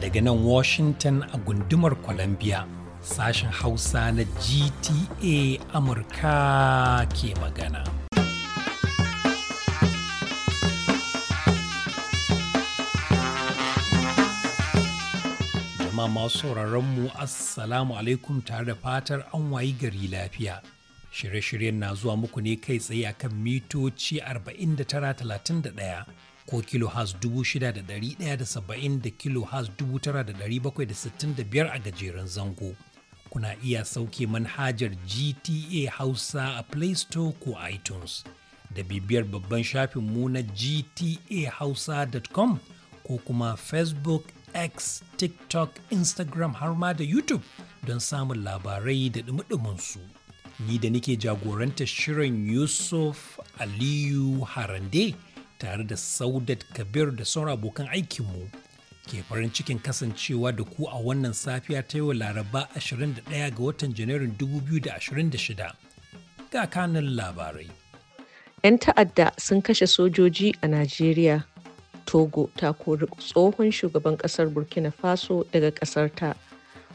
Daga nan Washington a gundumar Columbia, sashen Hausa na GTA Amurka ke magana. Jama'a masu mu Assalamu alaikum tare da fatar an wayi gari lafiya. Shirye-shiryen na zuwa muku ne kai tsaye akan mitoci 4931 ko kilohaz 6,170 da kilohaz 9,765 a gajeren zango. Kuna iya sauke manhajar GTA Hausa a Play Store ko iTunes da bibiyar babban shafin mu na gtahausa.com ko kuma Facebook X, TikTok, Instagram har ma da YouTube don samun labarai da ɗumi su ni da nike jagoranta shirin yusuf aliyu harande tare da saudat kabir da sauran abokan aikinmu ke farin cikin kasancewa da ku a wannan safiya ta yau laraba 21 ga watan janairun 2026 ga kanin labarai 'yan ta'adda sun kashe sojoji a najeriya togo ta kori tsohon shugaban kasar burkina faso daga kasar ta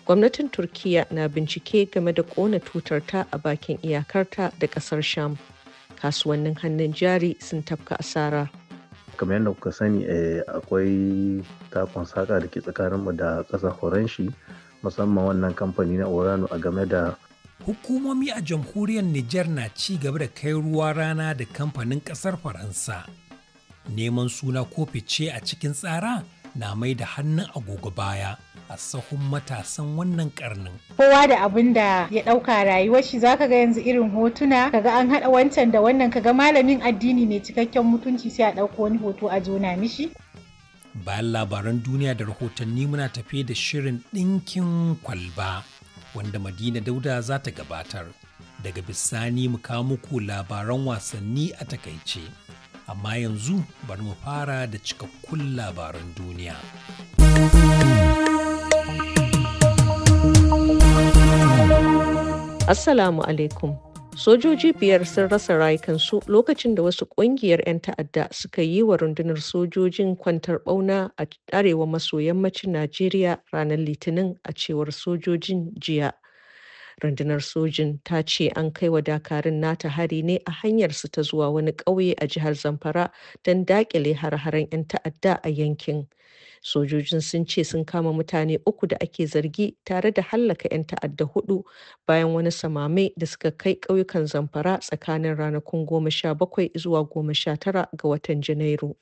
gwamnatin turkiya na bincike game da kona ta a bakin iyakarta da kasar sham kasuwannin hannun jari sun tafka asara kamar yadda kuka sani eh, akwai takon saka da ke tsakaninmu da kasar horanshi musamman wannan kamfani na orano a game da hukumomi a jamhuriyar niger na ci gaba da kai ruwa rana da kamfanin kasar faransa neman suna ko fice a cikin tsara na mai da hannun agogo baya a sahun matasan wannan karnin. Kowa da abin da ya ɗauka rayuwar shi zaka ga yanzu irin hotuna kaga an haɗa wancan da wannan kaga malamin addini ne cikakken mutunci sai a ɗauko wani hoto a jona mishi. Bayan labaran duniya da rahotanni muna tafe da shirin ɗinkin kwalba wanda Madina Dauda za ta gabatar. Daga bisani mu kawo muku labaran wasanni a takaice. amma yanzu bari mu fara da cikakkun labaran duniya. Assalamu alaikum. Sojoji biyar sun rasa rayukansu lokacin da wasu ƙungiyar 'yan ta'adda suka yi wa rundunar sojojin kwantar ɓauna a arewa maso yammacin Najeriya ranar Litinin a cewar sojojin jiya. rundunar sojin ta ce an kai wa dakarun nata hari ne a hanyar su ta zuwa wani ƙauye a jihar zamfara don dakile har-haren 'yan ta'adda a yankin sojojin sun ce sun kama mutane uku da ake zargi tare da hallaka 'yan ta'adda hudu bayan wani samame da suka kai ƙauyukan zamfara tsakanin ranakun goma sha bakwai zuwa goma sha tara ga watan janairu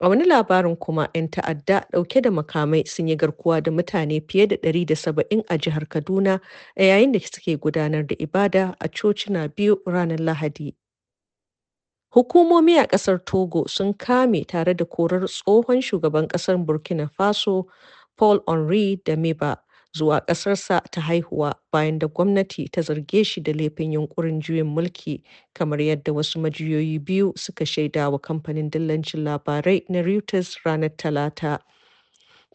A wani labarin kuma, 'yan ta'adda ɗauke da makamai sun yi garkuwa da mutane fiye da 170 a jihar Kaduna a yayin da suke gudanar da ibada a cocina biyu ranar Lahadi. Hukumomi a ƙasar Togo sun kame tare da korar tsohon shugaban ƙasar Burkina Faso Paul Henri da Meba zuwa ƙasarsa ta haihuwa bayan da gwamnati ta zarge shi da laifin yunkurin juyin mulki kamar yadda wasu majiyoyi biyu suka shaida wa kamfanin dillancin labarai na Reuters ranar Talata.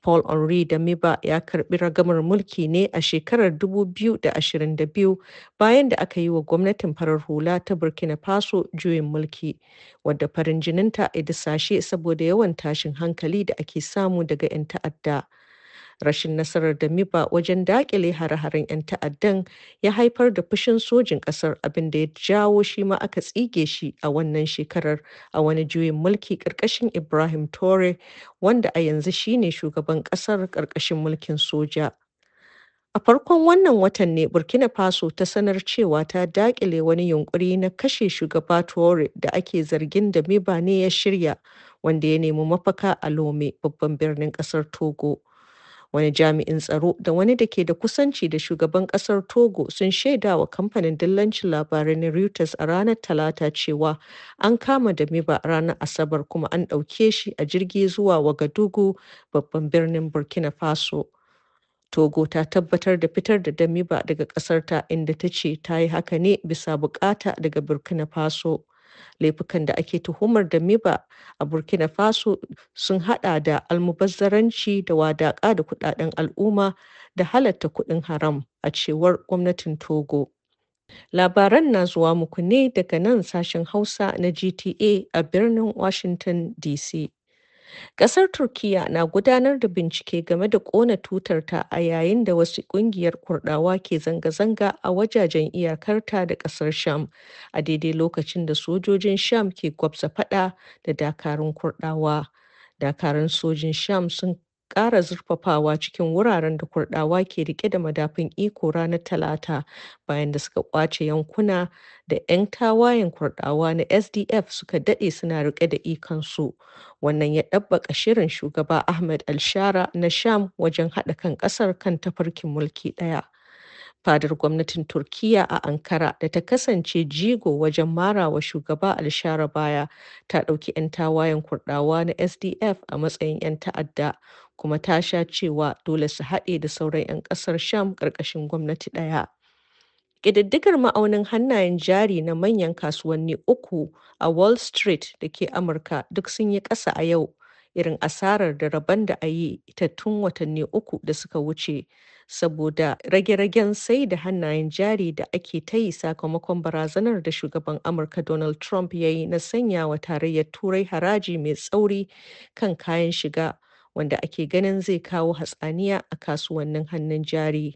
Paul Henry da Miba ya karbi ragamar mulki ne a shekarar 2022 bayan da aka yi wa gwamnatin farar hula ta Burkina Faso juyin mulki, wadda farin jininta ya saboda yawan tashin hankali da ake samu daga 'yan ta'adda. rashin nasarar da miba wajen dakile hare-haren 'yan ta'addan ya haifar da fushin sojin kasar abinda ya jawo shi ma aka tsige shi a wannan shekarar a wani juyin mulki karkashin ibrahim tore wanda a yanzu shine shugaban kasar karkashin mulkin soja A farkon wannan watan ne Burkina Faso ta sanar cewa ta dakile wani yunkuri na kashe shugaba Tore da ake zargin da Miba ne ya shirya wanda ya nemi mafaka a Lome babban birnin kasar Togo. wani jami'in tsaro da wani da ke da kusanci da shugaban kasar togo sun shaida wa kamfanin dillancin labarai na reuters a ranar talata cewa an kama da miba ranar asabar kuma an ɗauke shi a jirgi zuwa wagadugu babban birnin burkina faso Togo ta tabbatar da fitar da Damiba daga kasarta inda ta ce ta yi haka ne bisa bukata daga Burkina Faso. laifukan da ake tuhumar da miba a burkina faso sun hada da almubazzaranci da wadaƙa da kudaden al'umma da halatta kuɗin haram a cewar gwamnatin togo labaran na zuwa muku ne daga nan sashen hausa na gta a birnin washington dc Ƙasar Turkiyya na gudanar da bincike game da ƙona tutarta a yayin da wasu ƙungiyar Kurɗawa ke zanga-zanga a wajajen iyakarta da ƙasar Sham, a daidai lokacin da sojojin Sham ke gwabza faɗa da dakarun Kurɗawa. Dakarun sojin Sham sun ƙara zurfafawa cikin wuraren da Kurɗawa ke riƙe da madafun iko ranar Talata bayan da suka ƙwace yankuna da 'yan tawayen Kurɗawa na SDF suka dade suna riƙe da ikonsu. Wannan ya ɗabbaka shirin shugaba Ahmed Alshara na Sham wajen haɗa kan ƙasar kan tafarkin mulki ɗaya. fadar gwamnatin Turkiyya a Ankara da ta kasance jigo wajen mara wa shugaba Alshara baya ta ɗauki 'yan tawayen kurɗawa na SDF a matsayin 'yan ta'adda kuma ta sha cewa dole su haɗe da sauran 'yan ƙasar Sham ƙarƙashin gwamnati ɗaya. Ƙididdigar ma'aunin hannayen jari na manyan kasuwanni uku a Wall Street da ke Amurka duk sun yi ƙasa a yau irin asarar da rabon da a yi ta tun watanni uku da suka wuce saboda rage-ragen sai da hannayen jari da ake ta yi sakamakon barazanar da shugaban amurka donald trump ya yi na sanya wa tarayyar turai haraji mai tsauri kan kayan shiga wanda ake ganin zai kawo hatsaniya a kasuwannin hannun jari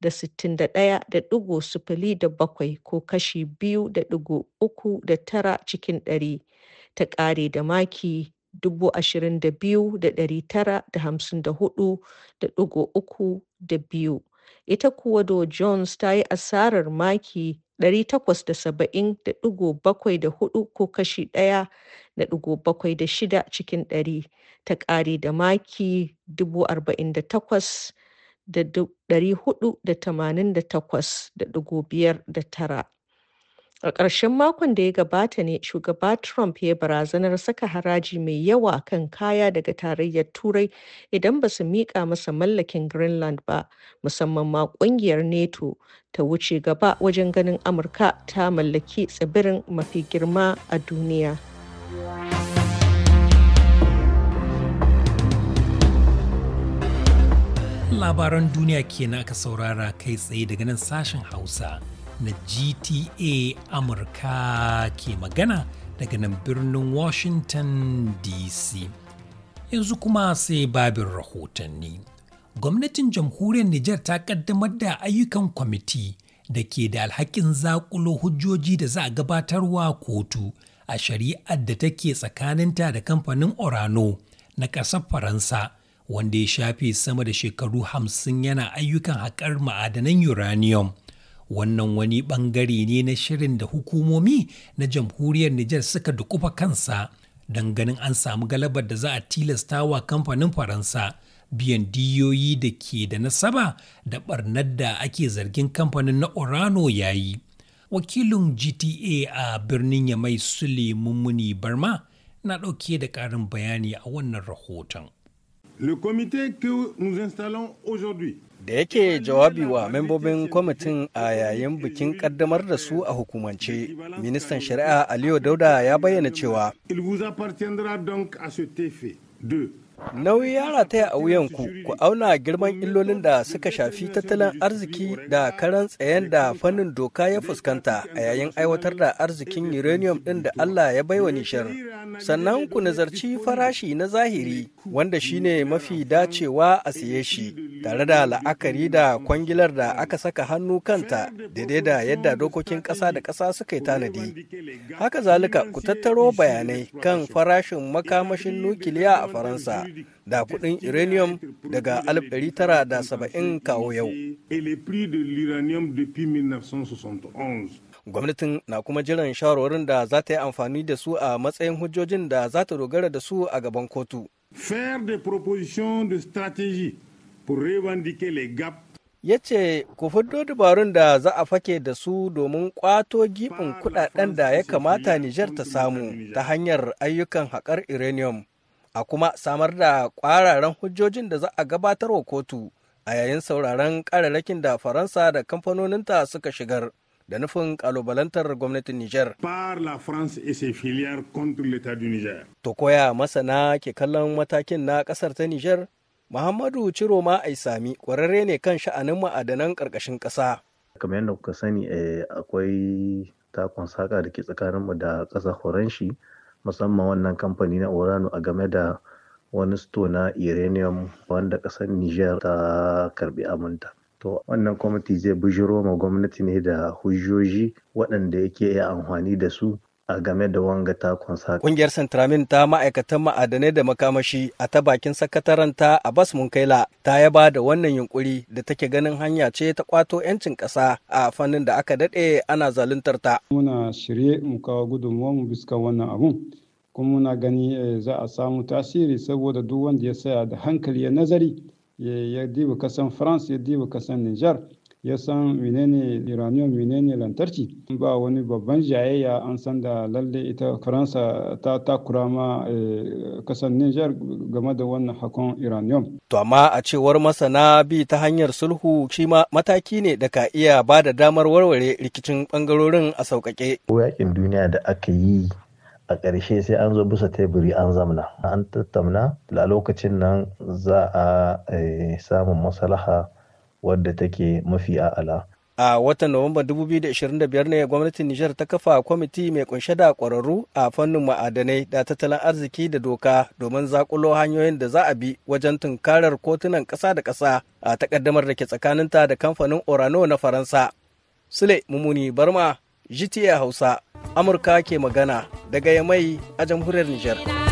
da sittin da ɗaya da ɗigo sifili da bakwai ko kashi biyu da ɗigo uku da tara cikin ɗari ta ƙare da maki dubu ashirin da biyu da ɗari tara da hamsin da hudu da ɗigo uku da biyu ita kuwa do Jones ta yi asarar maki da saba'in hudu ko kashi da shida cikin ɗari ta ƙare da maki dubu takwas. tara, A ƙarshen makon da ya gabata ne shugaba Trump ya barazanar saka haraji mai yawa kan kaya daga tarayyar Turai idan ba su miƙa masa mallakin Greenland ba, musamman ma ƙungiyar NATO ta wuce gaba wajen ganin Amurka ta mallaki tsibirin mafi girma a duniya. labaran duniya kenan aka saurara kai tsaye daga nan sashen Hausa na GTA Amurka ke magana daga nan birnin Washington DC. Yanzu kuma sai babin rahotanni. Gwamnatin jamhuriyar Nijar ta kaddamar da ayyukan kwamiti da ke da alhakin zakulo hujjoji da za a gabatarwa kotu a shari'ar da take tsakaninta da kamfanin Orano na ƙasar Faransa. wanda ya shafe sama da shekaru hamsin yana ayyukan haƙar ma'adanan uranium. Wannan wani ɓangare ne na shirin da hukumomi na jamhuriyar Nijar suka dukufa kansa don ganin an samu galabar da za a tilasta wa kamfanin Faransa biyan diyoyi da ke da nasaba da ɓarnar da ake zargin kamfanin na Orano yayi. Wakilin GTA a birnin Yamai Sule Mummuni Barma na ɗauke da ƙarin bayani a wannan rahoton. Le comité que da yake jawabi wa membobin kwamitin a yayin bikin kaddamar da su a hukumance ministan shari'a aliyu dauda ya bayyana cewa il de Nauyi ya rataya a wuyanku ku auna girman illolin da suka shafi tattalin arziki da karan tsayen da fannin doka ya fuskanta a yayin aiwatar da arzikin uranium ɗin da Allah ya baiwa nishar. Sannan ku nazarci farashi na zahiri wanda shine mafi dacewa a siye shi tare da la'akari da kwangilar da aka saka hannu kanta daidai da yadda dokokin ƙasa da ƙasa suka yi tanadi. Haka zalika ku tattaro bayanai kan farashin makamashin nukiliya a Faransa. da kuɗin uranium daga 1970 kawo yau. Gwamnatin na kuma jiran shawarwarin da za ta yi amfani da su a matsayin hujjojin da za ta dogara da su a gaban kotu. Faire de proposition de stratégie pour revendiquer les ya ce ku fiddo dabarun da za a fake da su domin kwato gibin kudaden da ya kamata Nijar ta samu ta hanyar ayyukan haƙar uranium a kuma samar da kwararan hujjojin da za a gabatar wa kotu a yayin sauraron kararrakin da faransa da kamfanoninta suka shigar da nufin kalubalantar gwamnatin Nijar. Par la France et ses filières contre l'État du Niger. To koya masana ke kallon matakin na kasar ta Nijar? Muhammadu Ciroma sami kwararre ne kan sha'anin ma'adanan ƙarƙashin ƙasa. Kamar yadda kuka sani eh, akwai takon saƙa da ke tsakaninmu da ƙasa Horanshi. musamman wannan kamfani na Orano a game da wani sto na uranium wanda ƙasar Niger ta karbi aminta. To wannan kwamiti zai bujiro ma gwamnati ne da hujjoji waɗanda yake iya amfani da su a game da wanga takon kunsa. Kungiyar Centramin ta ma'aikatan ma'adanai da makamashi a ta bakin sakataren ta a bas Munkaila ta yaba da wannan yunkuri da take ganin hanya ce ta kwato 'yancin ƙasa a fannin da aka daɗe ana zaluntar ta. Muna shirye mu kawo gudunmuwa mu bisa wannan abun. Kuma muna gani eh, za a samu tasiri saboda duk wanda ya saya da hankali ya nazari ya diba kasan France ya diba kasan niger. ya san menene iranian menene lantarki ba wani babban jayayya an san da lalle ita faransa ta takura ma eh, kasar niger game da wannan hakon iranium to amma a cewar masana bi ta hanyar sulhu shi ma mataki ne da ka iya ba da damar warware rikicin bangarorin a sauƙaƙe yakin duniya da aka yi a ƙarshe sai an zo bisa teburi an zamna an tattauna a lokacin nan za a eh, samun maslaha wadda take mafi a'ala. A watan Nuwamba 2025 ne gwamnatin Nijar ta kafa kwamiti mai kunshe da ƙwararru a fannin ma'adanai da tattalin arziki da doka domin zakulo hanyoyin da za a bi wajen tunkarar kotunan ƙasa da ƙasa a takaddamar da ke tsakaninta da kamfanin Orano na Faransa. Sule Mumuni Barma, GTA Hausa, Amurka ke magana daga Yamai a jamhuriyar Nijar.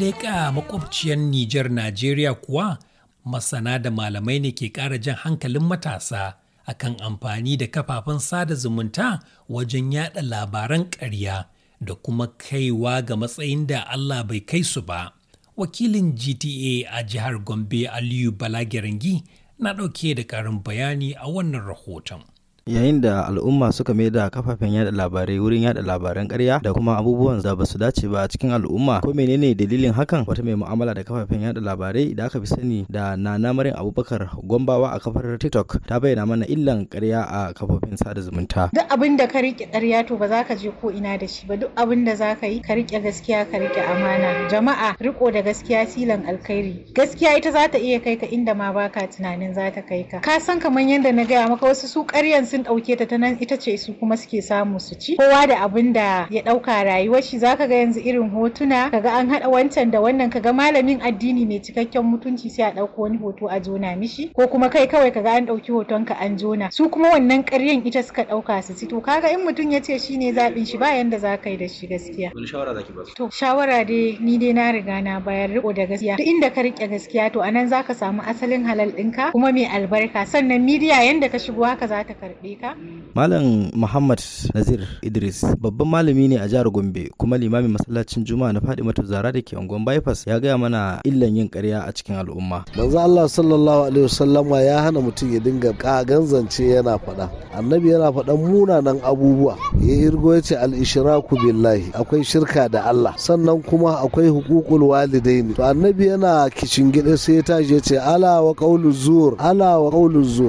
leƙa makwabciyar Nijar Najeriya kuwa masana da malamai ne ke ƙara jan hankalin matasa akan amfani da kafafen sada zumunta wajen yada labaran ƙarya da kuma kaiwa ga matsayin da Allah bai kai su ba. Wakilin GTA a jihar Gombe Aliyu Balagirangi na ɗauke da ƙarin bayani a wannan rahoton. yayin da al'umma suka da kafafen yada labarai wurin yada labaran ƙarya da kuma abubuwan da ba su dace ba a cikin al'umma ko menene dalilin hakan wata mai mu'amala da kafafen yada labarai da aka fi sani da nana maryam abubakar gombawa a kafar tiktok ta bayyana mana illan ƙarya a kafofin sada zumunta duk abin da ka rike ƙarya to ba za ka je ko ina da shi ba duk abin da za ka yi ka rike gaskiya ka rike amana jama'a riko da gaskiya silan alkhairi gaskiya ita za ta iya kai ka inda ma baka tunanin za ta kai ka ka san kamar yadda na gaya maka wasu su ƙaryan su. sun ɗauke ta ta nan ita ce su kuma suke samu su ci kowa da abin da ya ɗauka rayuwar shi zaka ga yanzu irin hotuna kaga an haɗa wancan da wannan kaga malamin addini mai cikakken mutunci sai a ɗauko wani hoto a jona mishi ko kuma kai kawai kaga an ɗauki hoton ka an jona su kuma wannan ƙaryan ita suka ɗauka su ci to kaga in mutum ya ce shi ne zaɓin shi ba yanda za ka yi da shi gaskiya. shawara za To shawara dai ni dai na riga na bayar riko da gaskiya duk inda ka riƙe gaskiya to anan za ka samu asalin halal ɗinka kuma mai albarka sannan midiya yanda ka shigo haka za ta karɓi. Malam Muhammad Nazir Idris babban malami ne a jihar Gombe kuma limamin masallacin Juma'a na mata Zara da ke unguwar Bypass ya gaya mana illan yin ƙarya a cikin al'umma. Manzo Allah sallallahu alaihi wasallama ya hana mutum ya dinga kaganzance yana faɗa. Annabi yana faɗan munanan abubuwa. Ya irgo ya ce al-ishraku billahi akwai shirka da Allah sannan kuma akwai hukukul walidaini. To Annabi yana kicin gida sai ya tashi ya ce ala wa qaulu zur ala wa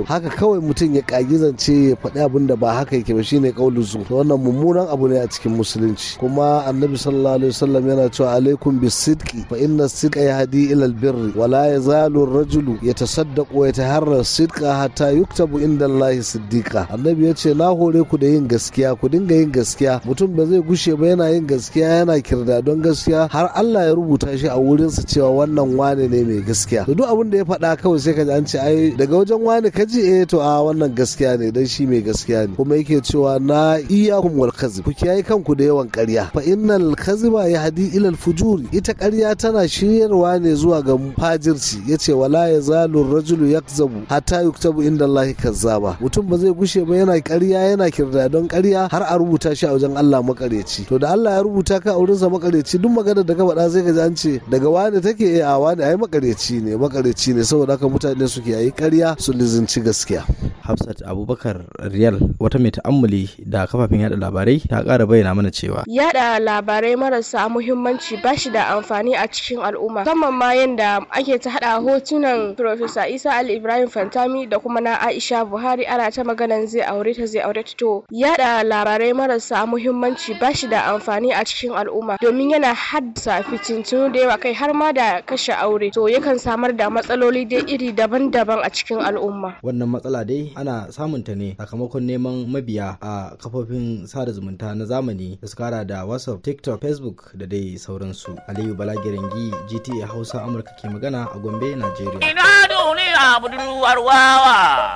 haka kawai mutum ya kagizance ya faɗi abin da ba haka yake ba shine kaulu zu wannan mummunan abu ne a cikin musulunci kuma annabi sallallahu alaihi wasallam yana cewa alaikum bisidqi fa inna sidqa yahdi ila albirri wa la yazalu ar-rajulu yatasaddaqu wa yataharra sidqa hatta yuktabu inda Allah siddiqa annabi yace na hore ku da yin gaskiya ku dinga yin gaskiya mutum ba zai gushe ba yana yin gaskiya yana kirda don gaskiya har Allah ya rubuta shi a wurinsa cewa wannan wane ne mai gaskiya to duk abin da ya faɗa kawai sai ka ji an ce ai daga wajen wane ka ji eh to a ah, wannan gaskiya ne dan shi mai gaskiya ne kuma yake cewa na iya kumwar kazi ku kiyaye kanku da yawan karya fa innal kaziba ya ila ilal fujuri ita karya tana shiryarwa ne zuwa ga fajirci yace wala ya yazalu rajulu yakzabu hatta yuktabu inda Allah kazzaba mutum ba zai gushe ba yana karya yana kirda don karya har a rubuta shi a wajen Allah makareci to da Allah ya rubuta ka a sa makareci duk magana da ka faɗa zai ga an ce daga wani take eh a wani ai makareci ne makareci ne saboda haka mutane suke yi karya su lizinci gaskiya Hafsat Abubakar Riyal wata mai ta'ammuli da kafafen yada labarai ta kara bayyana mana cewa yada labarai marasa muhimmanci ba shi da amfani a cikin al'umma musamman ma yadda ake ta hada hotunan Profesa Isa Ali Ibrahim Fantami da kuma na Aisha Buhari ana ta maganan zai aure ta zai aure ta to yada labarai marasa muhimmanci ba shi da amfani a cikin al'umma domin yana haddasa fitintunu da yawa kai har ma da kashe aure to yakan samar da matsaloli dai iri daban-daban a cikin al'umma wannan matsala dai ana samunta ne sakamakon neman mabiya a kafofin sada zumunta na zamani da su kara da whatsapp tiktok facebook da dai sauransu aliyu balagirangi gta hausa amurka ke magana a gombe nigeria duniya budurwar wawa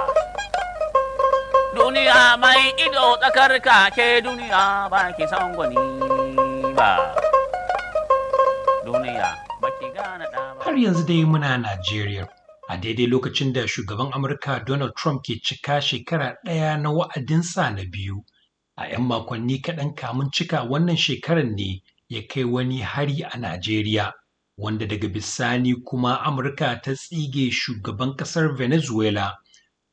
duniya mai ido tsakar kake duniya ba ba har yanzu dai muna najeriya a daidai lokacin da shugaban Amurka Donald Trump ke cika shekara ɗaya na wa'adinsa na biyu. A 'yan makonni kaɗan kamun cika wannan shekarar ne ya kai wani hari a Najeriya, wanda daga bisani kuma Amurka ta tsige shugaban ƙasar Venezuela.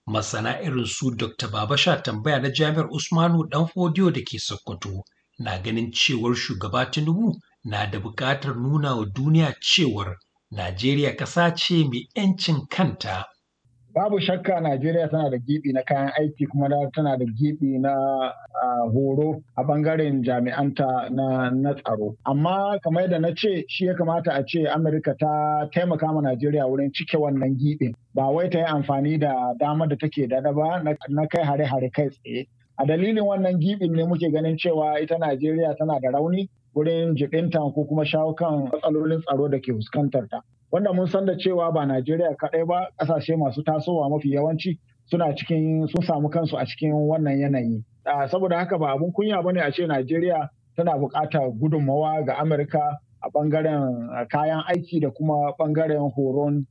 Masana irin su Dr. Babasha tambaya na Jami'ar Usmanu Danfodiyo da ke Sokoto na ganin cewar shugaba Tinubu na da buƙatar nuna wa duniya cewar Najeriya ƙasa ce mai 'yancin kanta. Babu shakka Najeriya tana da gibi na kayan aiki kuma tana da gibi na horo a bangaren jami'anta na tsaro. Amma kamar da na ce shi ya kamata a ce Amurka ta taimaka ma Najeriya wurin cike wannan gibin. Ba wai ta yi amfani da damar da take dada ba na kai hare-hare kai tsaye. A dalilin wannan gibin ne muke ganin cewa ita Najeriya tana da rauni wurin jibinta ko kuma shawo kan matsalolin tsaro da ke fuskantar ta wanda mun san da cewa ba Najeriya kaɗai ba ƙasashe masu tasowa mafi yawanci suna cikin sun samu kansu a cikin wannan yanayi saboda haka ba abun kunya bane a ce Najeriya tana buƙatar gudunmawa ga Amurka a ɓangaren kayan aiki da kuma ɓangaren horon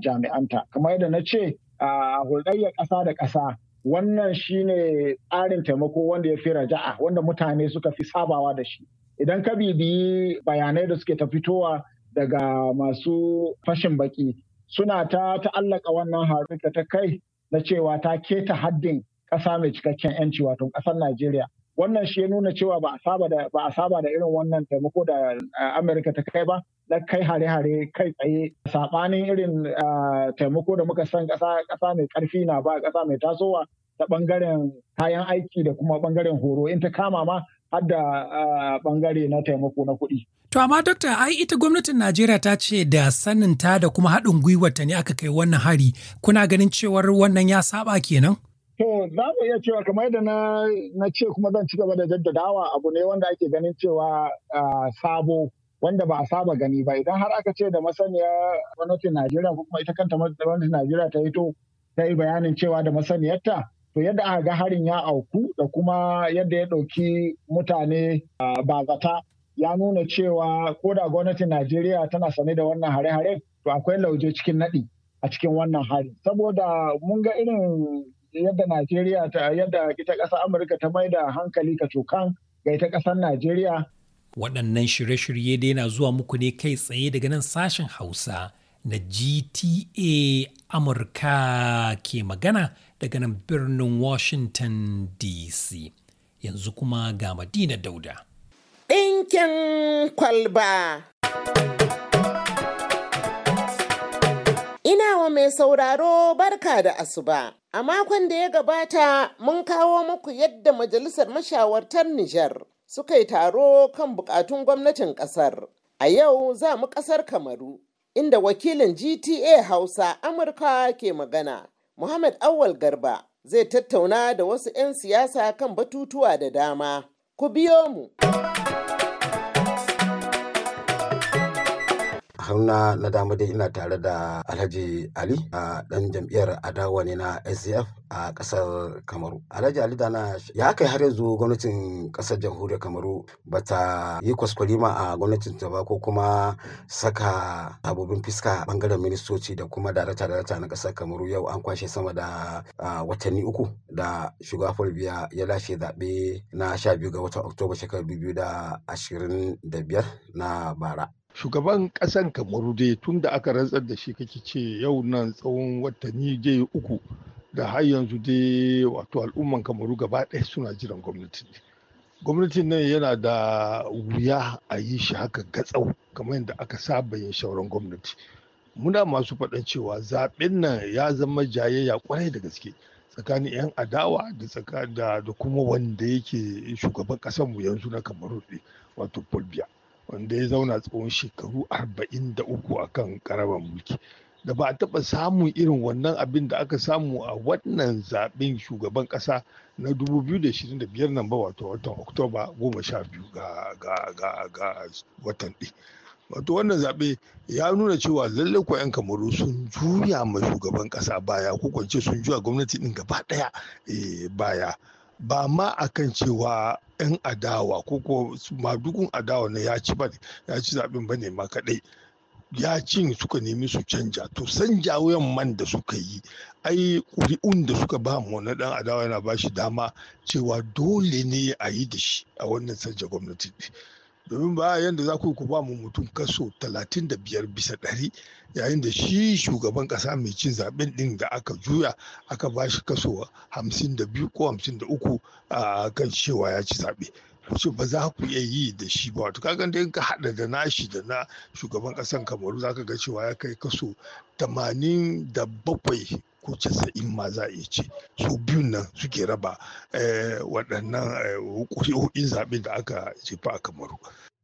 jami'anta kamar yadda na ce a hulɗayyar ƙasa da ƙasa wannan shine tsarin taimako wanda ya fi raja'a wanda mutane suka fi sabawa da shi Idan ka bibiyi bayanai da suke ta fitowa daga masu fashin baki suna ta ta'allaka wannan harika ta kai na cewa ta keta haddin ƙasa mai cikakken 'yanci wato ƙasar Najeriya. Wannan shi ya nuna cewa ba a saba da irin wannan taimako da eh, Amurka ta kai ba na kai hare-hare kai tsaye saɓanin irin eh, taimako da muka san ƙasa mai ƙarfi na ba ƙasa mai tasowa ta ɓangaren kayan aiki da kuma ɓangaren horo in ta kama ma har da bangare na taimako na kuɗi. To amma dokta ai ita gwamnatin Najeriya ta ce da sanin ta da kuma haɗin gwiwarta ne aka kai wannan hari kuna ganin cewar wannan ya saba kenan? To za mu iya cewa kamar yadda na ce kuma zan ci gaba da jaddadawa abu ne wanda ake ganin cewa sabo wanda ba a saba gani ba idan har aka ce da masaniya gwamnatin Najeriya ko kuma ita kanta gwamnatin Najeriya ta yi to ta yi bayanin cewa da masaniyarta to yadda aka ga harin ya auku da kuma yadda ya ɗauki mutane ba zata ya nuna cewa ko da gwamnatin najeriya tana sane da wannan hare-hare to akwai lauje cikin naɗi a cikin wannan hari saboda mun ga irin yadda najeriya ta yadda ita ƙasar amurka ta mai da hankali ka cokan ga ita ƙasar najeriya waɗannan shirye-shirye da yana zuwa muku ne kai tsaye daga nan sashen hausa na gta amurka ke magana daga nan birnin Washington DC. Yanzu kuma ga Madina Dauda. Ɗinkin kwalba. Ina wa mai sauraro barka da asuba. A makon da ya gabata mun kawo muku yadda Majalisar Mashawartar Nijar suka yi taro kan bukatun gwamnatin ƙasar. A yau za mu ƙasar Kamaru, inda wakilin GTA Hausa Amurka ke magana Muhammad Awal Garba zai tattauna da wasu 'yan siyasa kan batutuwa da dama. Ku biyo mu! haruna na dama dai ina tare da alhaji ali a dan jam'iyyar adawa ne na SDF a kasar kamaru alhaji ali dana ya kai har yanzu gwamnatin kasar jamhuriyar kamaru ba ta yi ma a gwamnatin ta ba ko kuma saka abubin fiska bangaren ministoci da kuma darata darata na kasar kamaru yau an kwashe sama da watanni uku da shugaba biya ya lashe zaɓe na sha biyu ga watan oktoba shekarar dubu da ashirin da biyar na bara shugaban ƙasan kamaru dai tun da aka rantsar da shi kake ce yau nan tsawon watanni dai uku da har yanzu dai wato al'umman kamaru gaba ɗaya suna jiran gwamnati gwamnatin nan yana da wuya a yi shi haka gatsau kamar yadda aka saba yin shauran gwamnati muna masu faɗan cewa zaɓen nan ya zama jayayya kwarai da gaske tsakanin 'yan adawa da da kuma wanda yake shugaban ƙasanmu yanzu na kamaru wato fulbiya wanda ya zauna tsawon shekaru 43 a kan karaban mulki da ba a taɓa samun irin wannan abin da aka samu a wannan zaɓen shugaban ƙasa na 2025 nan ba wato watan oktoba 12 ga watan ɗin wato wannan zaɓe ya nuna cewa lallai ko 'yan kamaru sun juya ma shugaban ƙasa baya ko kwance sun juya gwamnati ɗin gaba ɗaya eh, baya ba ma akan cewa 'yan adawa ko ko madugun adawa na ya ci bane ya ci zaɓen bane ma kaɗai ya ci suka nemi su canja to sanja wuyan man da suka yi ai ƙuri'un da suka ba mu na ɗan adawa yana ba shi dama cewa dole ne a yi da shi a wannan sanja gwamnati domin ba yadda za ku ku ba mu mutum kaso 35 bisa ɗari yayin da shi shugaban ƙasa mai cin zaben ɗin da aka juya aka ba shi kaso 52 ko 53 a kan cewa ya ci zaɓe ce ba za ku iya yi da shi ba wato kaga da ka hada da nashi da na shugaban kasan kamaru zaka ga cewa ya kai kaso 87 ko casa'in ma za a iya ce su biyun nan suke raba eh, waɗannan eh, hukumomin zaɓe da aka jefa a kamaru.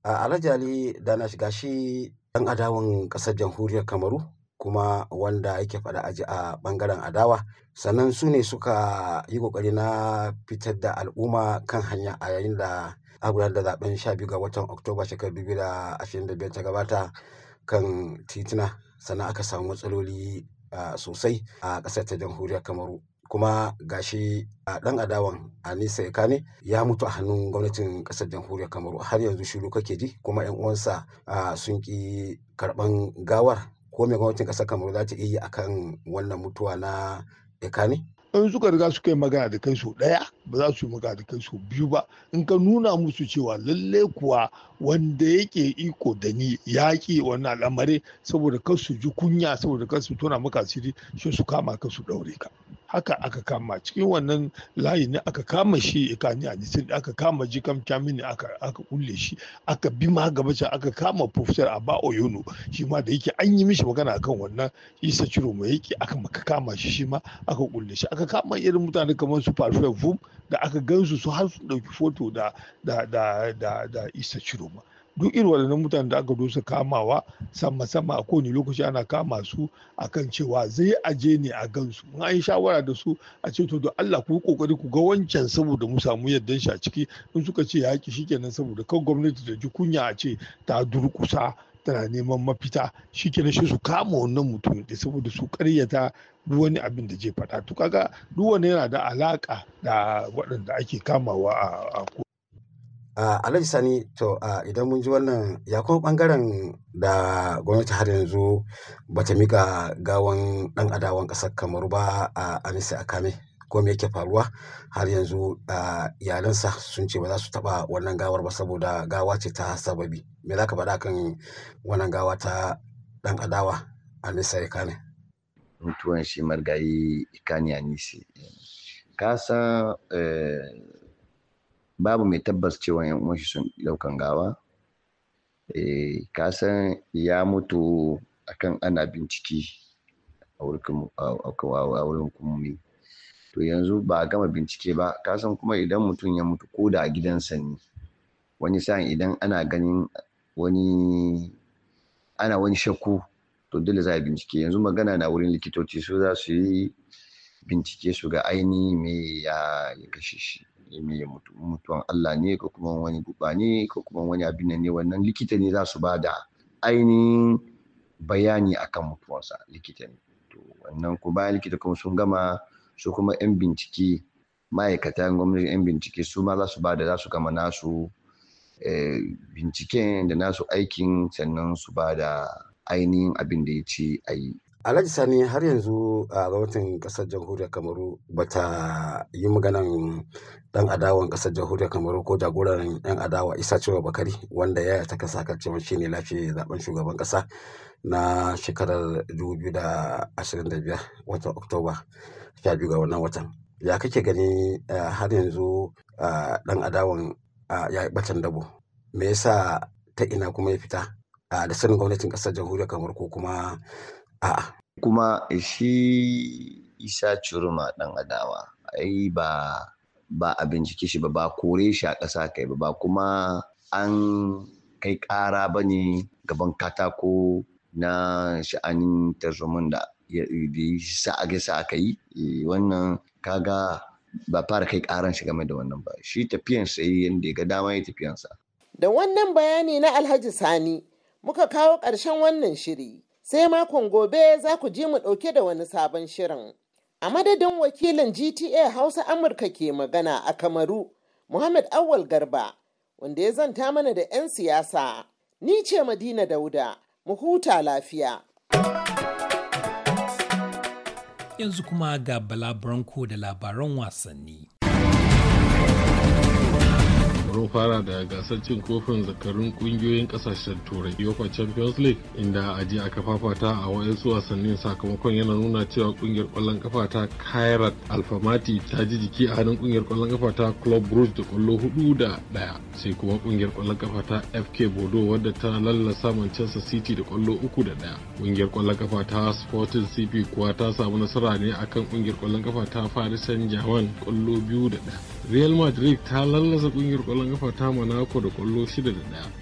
A alhaji ali dana shiga shi ɗan adawan ƙasar jamhuriyar kamaru kuma wanda yake faɗa aji a ɓangaren adawa sannan su ne suka yi ƙoƙari na fitar da al'umma kan hanya a yayin da a gudanar da zaben 12 ga watan oktoba shekarar 2025 ta gabata kan tituna sannan aka samu matsaloli sosai a ƙasar ta jamhuriyar kamaru kuma gashi a ɗan adawan anisa ya kane ya mutu a hannun gwamnatin ƙasar jamhuriyar kamaru har yanzu shiru kake ji kuma yan uwansa sun ƙi karɓan gawar ko mai gwamnatin ƙasar kamaru za ta iya akan wannan mutuwa na ya kane. in suka riga suka yi magana da kai sau ɗaya ba za su yi magana da kai sau biyu ba in ka nuna musu cewa lalle kuwa wanda yake iko da ni yaƙi wani al'amari saboda kar su ji kunya saboda kar tona maka asiri shi su kama ka su ɗaure ka haka aka kama cikin wannan layi ne aka kama shi ikani a nitin aka kama jikam chamini aka aka kulle shi aka bi ma gaba aka kama professor Aba Oyono shi ma da yake an yi mishi magana akan wannan Isa Ciro mai yake aka maka kama shi shi ma aka kulle shi aka kama irin mutane kamar su Parfait Vum da aka gansu su har su dauki foto da da da Isa Ciro ma duk irin waɗannan mutane da aka dosa kamawa sama sama a kowane lokaci ana kama su a kan cewa zai aje ne a gansu in an yi shawara da su a ce to da Allah ku kokari ku ga wancan saboda mu samu yaddan shi a ciki in suka ce yaki shikenan saboda kan gwamnati da ji kunya a ce ta durkusa tana neman mafita shikenan kenan shi su kama wannan mutum da saboda su karyata duk wani abin da zai faɗa to kaga duk wani yana da alaka da waɗanda ake kamawa a Alhaji Sani to idan mun ji wannan ya kuma ɓangaren da gwamnati har yanzu ba ta mika gawan dan adawan ƙasar Kamaru ba a a Akame ko me yake faruwa har yanzu iyalansa sun ce ba za su taɓa wannan gawar ba saboda gawa ce ta sababi. Me za ka faɗa kan wannan gawa ta dan adawa Anise Akame? Mutuwan shi margayi Ikani anisi Ka san eh, babu mai tabbas cewa yan uwan shi sun daukan gawa eh ka san ya mutu akan ana bincike a wurin kumumi to yanzu ba a gama bincike ba ka san kuma idan mutum ya mutu ko da a gidansa ne wani sa'in idan ana ganin wani ana wani shakku to dole za a bincike yanzu magana na wurin likitoci su za su yi bincike su ga aini me ya kashe shi mutuwan Allah ne ko kuma wani guba ne ko kuma wani abin ne wannan likita ne za su ba da ainihin bayani akan mutuwansa likita ne to wannan ko bayan likita kuma sun gama su kuma yan bincike ma'aikatan gwamnati yan bincike su ma za su ba da za su gama nasu eh, binciken da nasu aikin sannan su ba da ainihin abin da ya ce a yi Alhaji Sani har yanzu a gwamnatin ƙasar jamhuriyar Kamaru ba ta yi maganan ɗan adawan ƙasar jamhuriyar Kamaru ko jagoran ɗan adawa Isa Cewa Bakari wanda ya ta kasa kan cewa shi ne zaben shugaban ƙasa na shekarar 2025 watan Oktoba 12 ga wannan watan. Ya kake gani eh, har yanzu ɗan adawan ya yi ɓatan dabo? Me yasa ta ina kuma ya fita da sanin gwamnatin ƙasar jamhuriyar Kamaru ko kuma A'a. Kuma shi Isa curuma ɗan adawa, ai ba ba a bincike shi ba, ba kore shi a ƙasa kai ba, ba kuma an kai ƙara ba ne gaban katako na sha'anin tarzoman da ya sa a gasa aka yi eh, wannan kaga ba fara kai ƙaran shi game da wannan ba shi tafiyansa yi yadda ya ga dama ya tafiyansa. Da wannan bayani na Alhaji Sani muka kawo ƙarshen wannan shiri. Sai makon gobe za ku ji mu ɗauke da wani sabon shirin. A madadin wakilin GTA Hausa Amurka ke magana a Kamaru, Muhammad Awal Garba, wanda ya zanta mana da 'yan siyasa. Ni ce Madina Dauda, mu huta lafiya. Yanzu kuma ga Bala Branko da labaran wasanni. bari fara da gasar cin kofin zakarun kungiyoyin kasashen turai yofa champions league inda a ji aka fafata a wayansu wasannin sakamakon yana nuna cewa kungiyar kwallon kafa ta kairat alfamati ta ji jiki a hannun kungiyar kwallon kafa ta club brugge da kwallo hudu da daya sai kuma kungiyar kwallon kafa ta fk bodo wadda ta lallasa manchester city da kwallo uku da daya kungiyar kwallon kafa ta sporting cp kuwa ta samu nasara ne akan kungiyar kwallon kafa ta paris saint germain kwallo biyu da daya real madrid ta lallasa kungiyar kwallon kwallon kafa ta Monaco da kwallo 6 da 1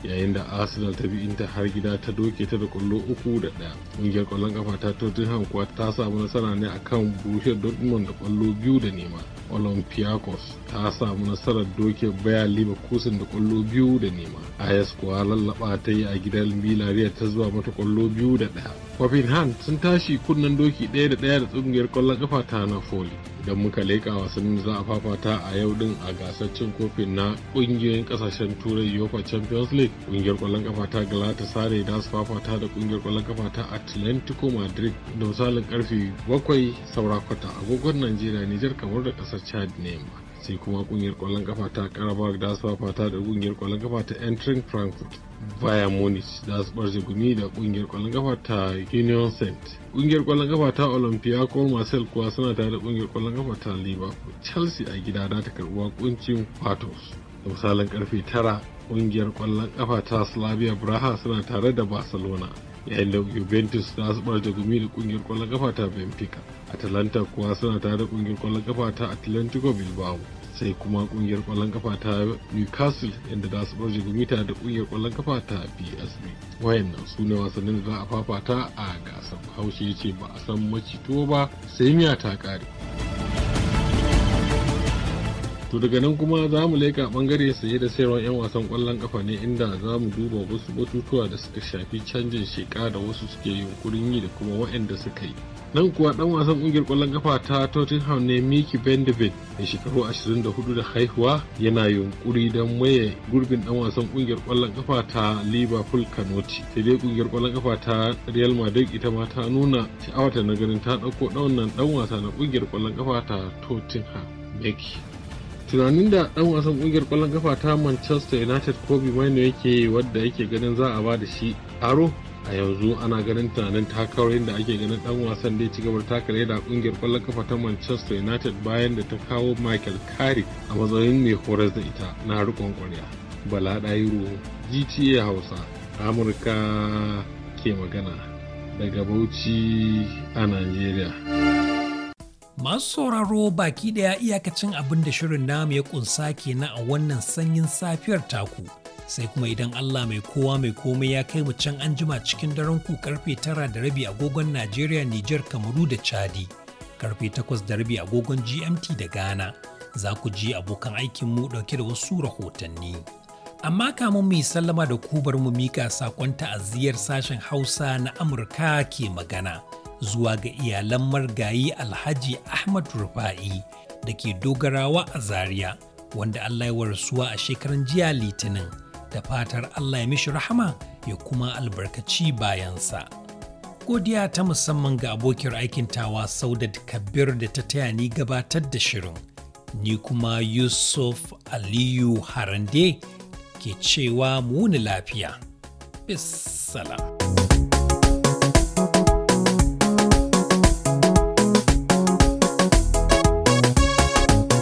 yayin da Arsenal ta bi Inter har gida ta doke ta da kwallo 3 da 1. kungiyar kwallon kafa ta Tottenham kuwa ta samu nasara ne akan Borussia Dortmund da kwallo 2 da nema. Olympiacos ta samu nasarar doke Bayer Leverkusen da kwallo 2 da nema. Ayas kuwa lallaba ta yi a gidan Villarreal ta zuwa mata kwallo 2 da 1 han sun tashi kunnen doki ɗaya da ɗaya da tsungiyar ƙwallon kafa ta foli Idan muka leƙa wasannin za a fafata a yau din a gasar cin kofin na ƙungiyoyin ƙasashen Turai UEFA Champions League. Ƙungiyar ƙwallon kafa ta Galatasaray da su fafata da ƙungiyar ƙwallon kafa ta Atlantico Madrid da misalin karfe bakwai saurakwata agogon Najeriya Nijar kamar da ƙasar Chad ne sai kuma kungiyar kwallon kafa ta karabag da su fafata da kungiyar kwallon kafa ta entering frankfurt bayan munich da su barje gumi da kungiyar kwallon kafa ta union saint kungiyar kwallon kafa ta ko marcel kuwa suna tare da kungiyar kwallon kafa ta liverpool chelsea a gida da ta karbuwa kuncin patos da misalin karfe tara kungiyar kwallon kafa ta slavia braha suna tare da barcelona yayin da juventus ta asibar da gumi da kungiyar kwallon kafa ta benfica atalanta kuwa suna tare da kungiyar kwallon kafa ta atlantico bilbao sai kuma kungiyar kwallon kafa ta newcastle inda za su gumi ta da kungiyar kwallon kafa ta psv wayannan su ne wasannin da za a fafata a gasar haushe ya ce ba a san macito ba sai miya ta kare to daga nan kuma za mu leka bangare saye da sayarwar 'yan wasan kwallon kafa ne inda za mu duba wasu batutuwa da suka shafi canjin sheka da wasu suke yunkurin yi da kuma waɗanda suka yi nan kuwa ɗan wasan ƙungiyar kwallon kafa ta tottenham ne miki bendabin mai shekaru 24 da haihuwa yana yunkuri don maye gurbin ɗan wasan ƙungiyar kwallon kafa ta liverpool kanoti sai dai ƙungiyar ƙwallon ƙafa ta real madrid ita ma ta nuna sha'awata na ganin ta ɗauko ɗaunan ɗan wasa na kungiyar kwallon kafa ta tottenham Mickey. tunanin da dan wasan kungiyar kwallon kafa ta manchester united kobe maino yake wadda yake ganin za a ba da shi aro a yanzu ana ganin tunanin takawar da ake ganin dan wasan da ya ci gabar takare da kungiyar kwallon kafa ta manchester united bayan da ta kawo michael kari a matsayin mai horas da ita na rikon kwarya bala dairo gta hausa amurka ke magana daga bauchi a nigeria Masu sauraro baki ɗaya iyakacin abin da shirin namu ya ƙunsa na a wannan sanyin safiyar taku. sai kuma idan Allah mai kowa mai komai ya kai mu can an jima cikin daren ku karfe tara da rabi agogon Najeriya, Nijar, Kamaru da Chadi, karfe takwas da rabi agogon GMT da Ghana. Za ku ji abokan aikin mu dauke da wasu rahotanni. Amma kamun mai sallama da kubar mu mika sakon ta'aziyyar sashen Hausa na Amurka ke magana. zuwa ga iyalan margayi alhaji ahmad rufa'i da ke dogarawa a zaria wanda allah ya warsuwa a shekaran jiya litinin da fatar allah ya mishi rahama ya kuma albarkaci bayansa godiya ta musamman ga abokin aikin tawa saudat kabir da ta taya ni gabatar da shirin ni kuma yusuf aliyu harande ke cewa muni lafiya bis